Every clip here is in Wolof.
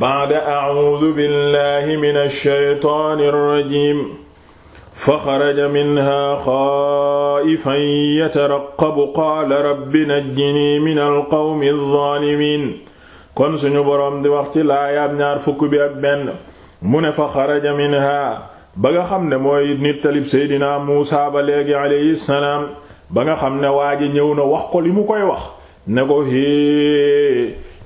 ba'da a'uudu billahi mina shaytaani rajiim fa xaraja minhaa xaa'ifan yataraqqabu qaala rabbi najjinii minal qawmi zaalimiin kon suñu boroom di wax ci laayaab ñaar fukk bi ak benn mu ne fa xaraja minhaa ba nga xam ne mooy nit talib seydinaa Muusaa ba léegi ba nga xam ne waa ji ñëw wax ko li mu koy wax ne ko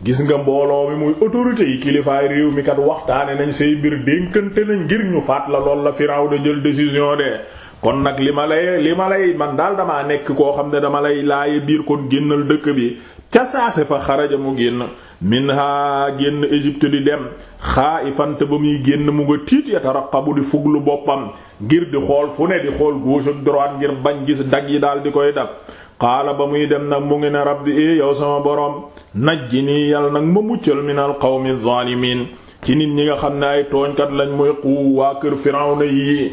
gis nga mbooloo mi muy autorité yi kilifaay réew mi kat waxtaane nañ say mbir dénkante nañ ngir ñu faat la lool la firaw da jël décision de kon nag li ma lay li ma lay man daal damaa nekk koo xam ne dama lay laaye biir kon génnal dëkk bi ca saase fa xaraja mu génn minha génn Égypte di dem xaa i te ba muy génn mu nga tiit yataraqabu di fuglu boppam ngir di xool fu ne di xool gauche ak droite ngir bañ gis dag yi daal di koy dab qaala ba muy dem nag mu ngi ne rabbi i yow sama boroom najji nii yàlla nag ma muccal minal qawmi zaalimiin ci nit ñi nga xam ne ay tooñkat lañ mooy xuu waa kër Firawna yi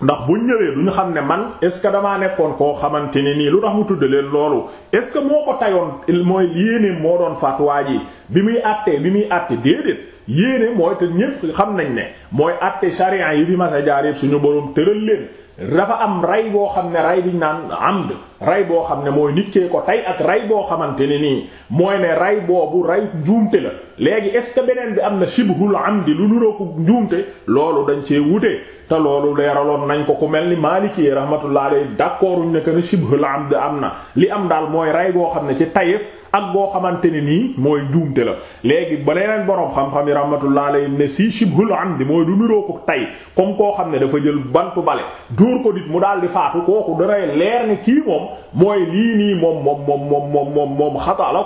ndax bu ñëwee duñu xam ne man est ce que damaa nekkoon koo xamante ne nii lu tax mu tudd leen loolu est ce que moo ko tayoon mooy yéenéem moo doon faat waa ji bi muy àttee bi muy àtte déedéet yéene mooy te ñépp xam nañ ne mooy àtte sharia yi fi masa jaar yépp suñu borom tëral leen dafa am rey boo xam ne ray biñ naan amd ray boo xam ne mooy nit ko tey ak ray boo xamante ne nii mooy ne ray boobu ray njuumte la léegi est beneen bi am na shibhul amdi lu nurooko njuumte loolu dañ cee wute te loolu leeraloon nañ ko ku mel ni Maliki rahmatullah alayhi d'accorduñ ne que ne shibhul amd am na li am daal mooy ray boo xam ne ci tayef ak boo xamante ne nii mooy njuumte la léegi ba leneen boroom xam-xam yi rahmatullah alayhi ne si am amdi mooy du niroo ko tey comme koo xam ne dafa jël bantu bale dóor ko nit mu daal di faatu kooku danay leer ne kii moom mooy lii nii moom moom moom moom moom moom moom xataa la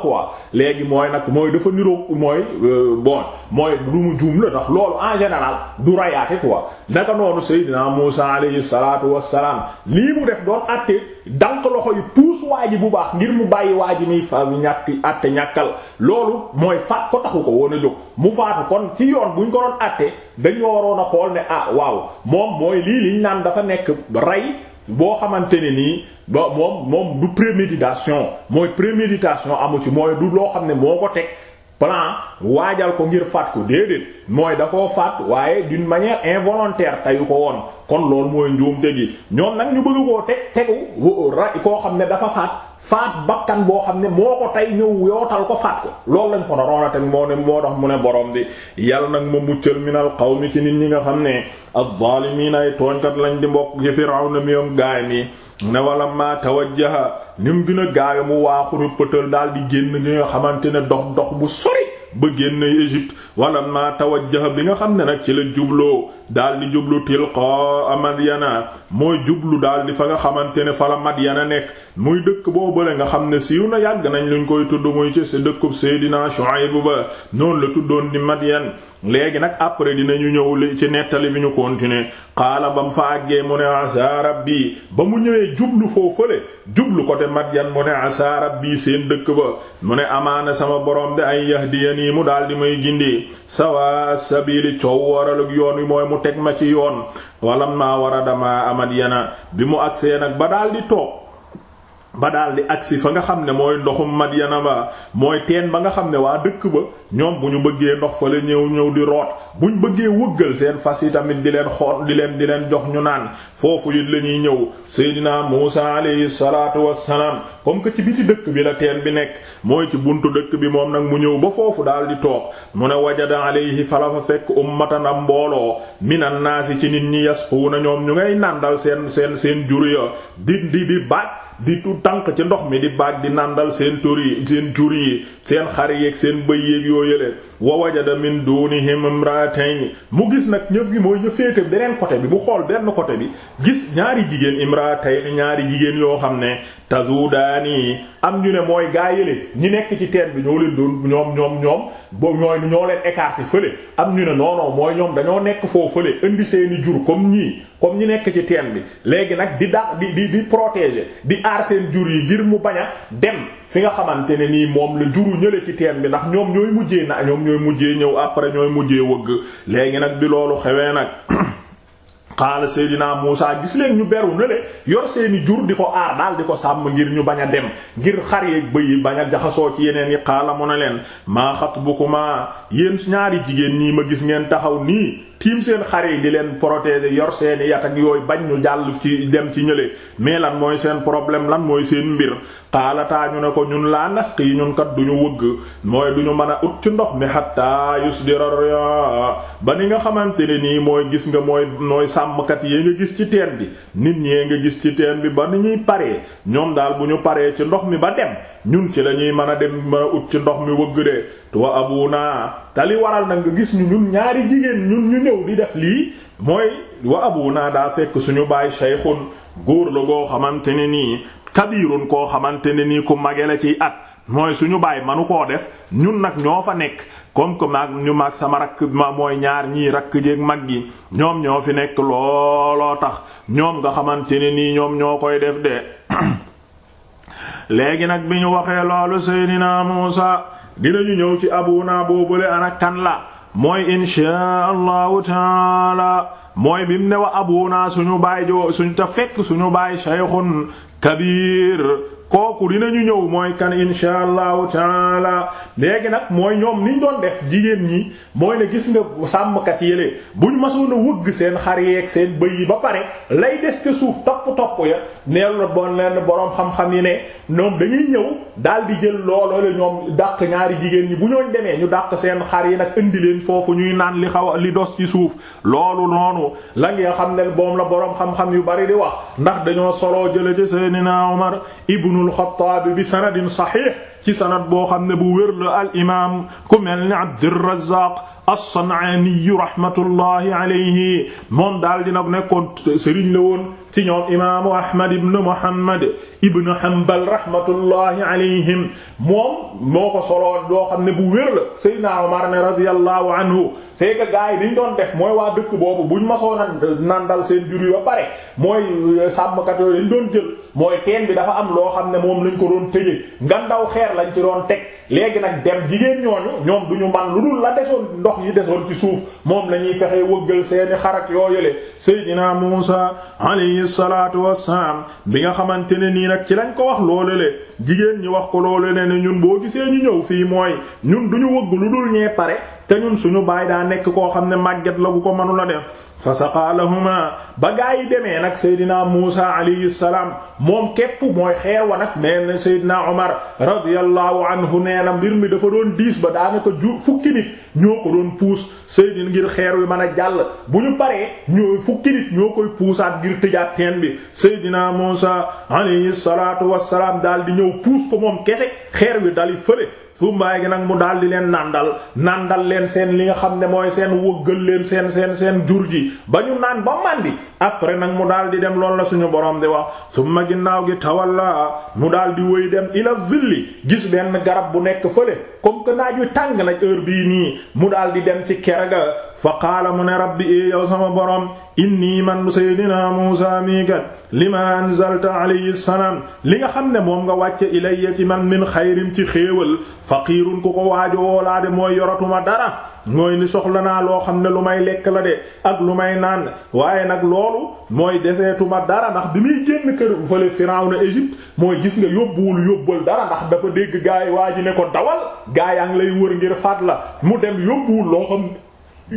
léegi mooy nag mooy dafa niroog mooy euh, bon mooy lu mu juum la ndax loolu en général du rayaate quoi naka noonu Seydina Muusa alayhi salaatu wassalaam lii mu def doon àtte dank loxo yi puus waa ji bu baax ngir mu bàyyi waa ji muy fa ñàkk àtte ñàkkal loolu mooy faat ko taxu ko woon jóg mu faatu kon ci yoon buñ ko doon àtte dañoo waroon a xool ne ah waaw moom mooy lii liñ naan dafa nekk rey boo xamante ne nii ba moom moom du préméditation mooy préméditation amu ci mooy du loo xam ne moo ko teg plan waajal ko ngir faat ko déedéet mooy da koo faat waaye d'une manière involontaire teyu ko woon kon loolu mooy njuumte gi ñoom nag ñu bëgg koo teg tegu ra koo xam ne dafa faat faat bakkan boo xam ne moo ko tey ñëw yootal ko faat ko loolu lañ ko naroon teg moo ne moo tax mu ne borom bi yàlla nag ma muccal minal mi ci nit ñi nga xam ne az-zaalimiin ay tooñkat lañ di mbokk ci Firawna mi yom gaay mi ne wala ma tawajjaha ni mu gën a gaawe mu waaxu rëppatal daal di génn ñi nga xamante ne dox dox bu sori ba génn Égypte wala ma tawajjaha bi nga xam ne nag ci la jubloo daal di jublu tilqaa Madyana mooy jublu daal di fa nga xamante ne fa la Madyana nekk muy dëkk boobale nga xam ne siiw na yàgg nañ luñ koy tudd muy ci sa dëkkub Seydina Shuayb ba noonu la tuddoon di Madyan léegi nag après dinañu ñëw li ci nettali bi ñu continuer xaala ba mu fa àggee mu ne asa rabbi ba mu ñëwee jublu foofale jublu ko te yan mu ne asa bii seen dëkk ba mu ne amaana sama borom de ay yahdiyani mu daal di may gindi sawa sabili coow waralu yoon wi mooy mu teg ma ci yoon walam maa dama maa amadiyana bi mu agsee nag ba daal di toog ba daal di agsi fa nga xam ne mooy ndoxum Madyana ba mooy teen ba nga xam ne waa dëkk ba ñoom bu ñu bëggee ndox fa la ñëw ñëw di root bu ñu bëggee wëggal seen fas yi tamit di leen xool di leen di leen jox ñu naan foofu it la ñuy ñëw Seydina Muusa alayhi salaatu wassalaam comme que ci biti dëkk bi la teen bi nekk mooy ci buntu dëkk bi moom nag mu ñëw ba foofu daal di toog mu ne wajada alayhi fala fa fekk ummatan am mbooloo minan naasi ci nit ñi yasquuna ñoom ñu ngay nandal seen seen seen jur ya di di baat di tu tànq ci ndox mi di baag di nàndal seen tur yi seen jur yi seen xar yeeg seen bëy yeeg yoo yële wa wajada min dunihim imra'atayn mu gis nag ñëf gi mooy ñëfeete beneen côté bi mu xool benn côté bi gis ñaari jigéen imra'atayn ñaari jigéen yoo xam ne tazudaani am ñu ne mooy gaa yële ñi nekk ci teen bi ñoo leen doon ñoom ñoom ñoom boo ñooy ñoo leen écarté fële am ñu ne non non mooy ñoom dañoo nekk foo fële indi seeni jur comme ñii comme ñu nekk ci teen bi léegi nag di da di di di protéger di aar seen jur yi ngir mu bañ a dem fi nga xamante ne nii moom la juru ñële ci teen bi ndax ñoom ñooy mujjee na ñoom ñooy mujjee ñëw après ñooy mujjee wëgg léegi nag bi loolu xewee nag xaala Seydina Muusa gis leen ñu beru na le yor seeni jur di ko aar daal di ko sàmm ngir ñu bañ a dem ngir xar yeeg bëy yi bañ a jaxasoo ci yeneen yi xaala mu na leen maa xatbukuma yéen ñaari jigéen ñii ma gis ngeen taxaw nii tiim seen xare yi di leen protéger yor seeni yat yooyu bañ ñu jàll ci dem ci ñële mais lan mooy seen problème lan mooy seen mbir xaalataa ñu ne ko ñun laa nasqi ñun kat duñu wëgg mooy duñu mën a ut ci ndox mi hatta yusdira ba ni nga xamante ne nii mooy gis nga mooy mooy sàmmkat yee nga gis ci teen bi nit ñee nga gis ci bi ba ñuy paree ñoom daal bu ñu paree ci ndox mi ba dem ñun ci lañuy ñuy mën a dem mën ut ci ndox mi wëgg de wa abu naa tali waral na nga gis ñu ñun ñaari jigéen ñun ñu ñëw di def lii mooy wa abu daa fekk suñu baay shaykhun góor la goo xamante ne nii kabirun koo xamante ne nii ku mage la ciy at mooy suñu baay manu koo def ñun nag ñoo fa nekk comme que ñu maag sama rakk ma mooy ñaar ñii rakk jéeg mag gi ñoom ñoo fi nekk looloo tax ñoom nga ne nii ñoom ñoo koy def léegi nag bi ñu waxee loolu Seydina Muusa dinañu ñëw ci abuna boobule ana kan la mooy inshaa allahu taala mooy bim ne wa abuna suñu baay jo suñu ta fekk suñu baay shaykhun kabir kooku ñu ñëw mooy kan insha allahu taala léegi nag mooy ñoom niñ doon def jigéen ñi mooy ne gis nga sàmm kat sàmmkat bu ñu masoon a wëgg seen xar yeeg seen bëy yi ba pare lay des ca suuf topp topp ya neelu na bon leen boroom xam-xam yi ne ñoom dañuy ñëw daal di jël looloo ñoom dàq ñaari jigéen ñi bu ñooñ demee ñu dàq seen xar yi nag indi leen foofu ñuy naan li xaw li dos ci suuf loolu noonu la nga xam ne boom la boroom xam-xam yu bari di wax ndax dañoo soloo jële ci Seydina Umar ibnu ibnu alxataabi bi sanadin saxiix ci sanad boo xam ne bu wér la al imaam ku mel ni abdirrazaq as-san'aani rahmatullahi alayhi moom daal dina nekkoon sëriñ la woon ci ñoom imaamu ahmad ibn muhammad ibn hanbal rahmatullahi alayhim moom moo ko soloo doo xam ne bu wér la sayyidina umar ne radiyallahu anhu c'est que gars yi diñ doon def mooy waa dëkk boobu buñ masoo nan nandal seen jur yi ba pare mooy euh, kat yooyu dañ doon jël mooy teen bi dafa am loo xam ne moom lañ ko doon tëjee nga xeer lañ ci doon teg léegi nag dem jigéen ñooñu ñoom duñu man lu dul la desoon ndox yi desoon ci suuf moom lañuy fexe wëggal seeni xarak yooyule alayhi salaatu wassalaam bi nga xamante ne nii nag ci lañ ko wax loolu le jigéen ñi wax ko loolu le ne ñun boo gisee ñu ñëw fii mooy ñun duñu wëgg lu dul ñee pare te ñun suñu baay daa nekk koo xam ne màgget la ko mënu dem fa saqaa lahuma ba gaa yi demee nag Seydina Muusa alayhi salaam moom képp mooy xeer nag nee na Seydina Omar radiyallahu anhu nee na mbir mi dafa doon diis ba daanaka ju fukki nit ñoo ko doon puus Seydina ngir xeer wi mën a jàll bu ñu paree ñoo fukki nit ñoo koy puusaat ngir tëjaat teen bi Seydina Muusa alayhi salaatu wassalaam daal di ñëw puus ko moom kese xeer wi dali fële sumbaay gi nag mu daal di leen nàndal nàndal leen seen li nga xam ne mooy seen wëggal leen seen seen seen jur ji ba ñu naan ba màndi après nag mu daal di dem loolu la suñu borom di wax summa ginnaaw gi tawalla mu daal di wëy dem ila zilli gis lenn garab bu nekk fële comme que naaj tàng na heure bii nii mu daal di dem ci kër ga fa qaala mu ne rabbi ee yow sama borom inni man seydina muusa mii li lima anzalta alayhi salaam li nga xam ne moom nga wàcce ilayya ci man min xayrin ci xéewal faqiirun ku ko waajo woolaa de mooy yoratuma dara mooy ni soxla naa loo xam ne lu may lekk la de ak lu may naan waaye nag loolu mooy deseetuma dara ndax bi muy génn kër fële Firawna Égypte mooy gis nga yóbbuwul yóbbal dara ndax dafa dégg gaay waa ji ne ko dawal gaay yaa ngi lay wër ngir faat la mu dem yóbbuwul loo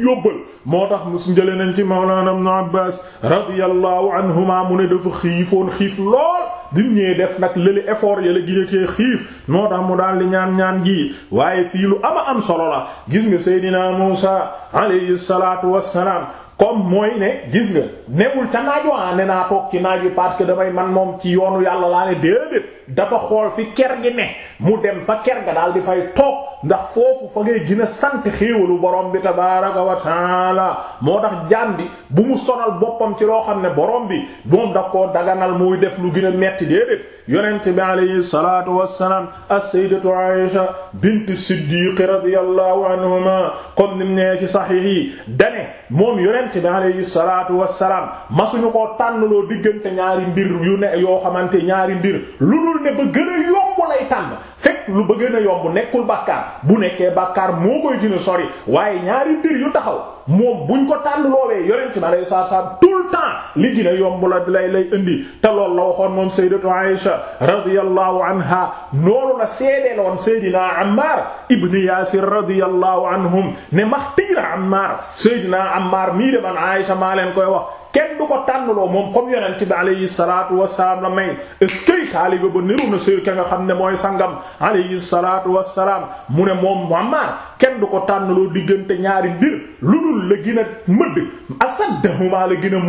yóbbal moo tax mu njële nañ ci mawlana ibn abbas radiyallahu anhuma mu ne dafa xiifoon xiif lool bi mu ñëwee def nag lële effort yala ginatee xiif moo tax mu daal di ñaan-ñaan gi waaye fii lu ama am solo la gis nga seydina musa alayhi salatu wassalam comme mooy ne gis nga newul ca naaj waa ah, ne naa toog ci naaj wi parce que damay man moom ci yoonu yàlla laa ne déedéet dafa xool fi ker gi ne mu dem fa ker ga daal di fay toog ndax foofu fa ngay gën a sant xéewalu borom bi tabaaraka wa taala moo tax jaam bi bu mu sonal boppam ci loo xam ne borom bi moom da koo daganal muy def lu gën a metti déedéet yonent bi alayhi salaatu wassalaam as-sayyidatu Aisha bint Siddiq radiyallahu anhuma comme nim ne ci saxiix yi dane moom yonent yonent bi alayhi salaatu wassalaam masuñu koo tànnloo diggante ñaari mbir yu ne yoo xamante ñaari mbir lu dul ne ba gën a yomb lay tànn teg lu ba gën a yomb nekkul bàkkaar bu nekkee bàkkaar moo koy gën sori waaye ñaari mbir yu taxaw moom buñ ko tànn loowee yorente mi aleyi salaam tout le temps li gën a yomb la lay lay indi te loolu la waxoon moom sayyidatu Aisha radiyallahu anha noolu la seedeeloon sayyidina Ammar ibn Yasir radiyallahu anhum ne maxtiira Ammar sayyidina Ammar mii de man Aisha maa leen koy wax kenn du ko tànnaloo moom comme yonent bi alayhi salaatu wasalaam la may est-ce que ba niru na sër ka xam ne mooy sangam alayhi salaatu salaam mu ne moom Muammar kenn du ko tànnaloo diggante ñaari mbir lu dul la gën a mëdd asaddahuma la gën a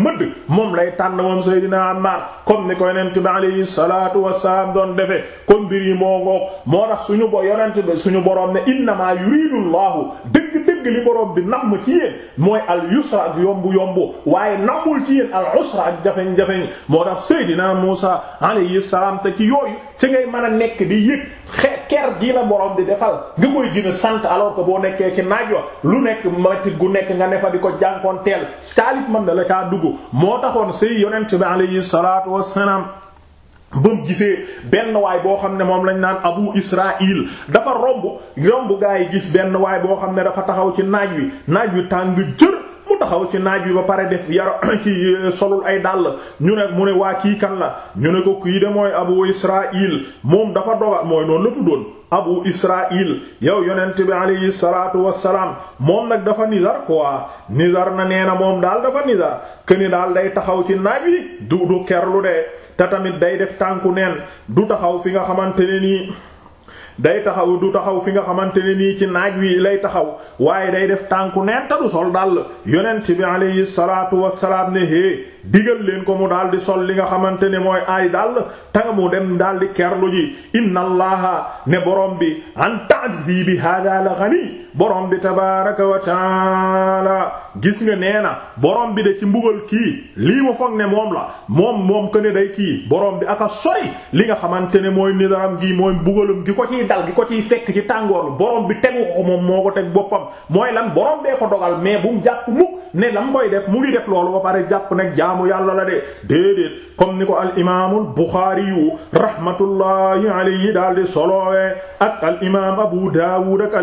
moom lay tànn moom Seydina Ammar comme ni ko yonent bi alayhi salaatu wasalaam doon defee kon mbir yi moo ngoog moo tax suñu bo yonent bi suñu borom ne innamaa yuridu Allahu dëgg dëgg li borom bi namm ci yéen mooy al yusra ak yombu yombu waaye nammul ci yéen al usra ak jafeñ-jafeñ moo tax Seydina Muusa alayhi salaam te ci yooyu ci ngay mën a nekk di yëg ker gii la borom di defal nga koy gën sant alors que boo nekkee ci naaj wa lu nekk matit gu nekk nga ne fa di ko jànkoonteel taalit man da la caa dugg moo taxoon say yonent bi alayhi salaatu wassalaam ba gisee benn waay boo xam ne moom lañ naan abu israil dafa romb romb gaa yi gis benn waay boo xam ne dafa taxaw ci naaj wi naaj wi tàng jër taxaw ci naaj wi ba pare def yar ci solul ay dàll ñu ne mu ne waa kii kan la ñu ne ko kii de mooy abu israil moom dafa doga mooy noonu la tuddoon abu israil yow yonent bi alayhi salaatu wassalaam moom nag dafa nizar quoi nizar na nee na moom daal dafa nizar këni daal day taxaw ci naaj bi du du kerlu de te tamit day def tànku neen du taxaw fi nga xamante ne nii day taxaw du taxaw fi nga xamante ne nii ci naaj wi lay taxaw waaye day def tànku neen ta du sol dàll yonent bi alayhi salaatu wassalaam ne hee digal leen ko mu daal di sol li nga xamante ne mooy ay dàll tanga mu dem daal di kerlu ji inna allaha ne borom bi an ta'dhi bi hada la ghani borom bi tabaaraka wa taala gis nga nee na borom bi de ci mbugal kii lii mu foog ne moom la moom moom que ne day kii borom bi aka sori li nga xamante ne mooy nidaram gi mooy mbugalum gi ko ciy dal gi ko ciy fekk ci tàngoor bi borom bi tegu ko moom moo ko teg boppam mooy lan borom bee ko dogal mais bu mu jàpp mukk ne lam koy def mu ngi def loolu ba pare jàpp nag jaamu yàlla la de déedéet comme ni ko al imaamul Buxaari yu rahmatullahi alayhi daal di solowee ak al imaam Abu Daawud ak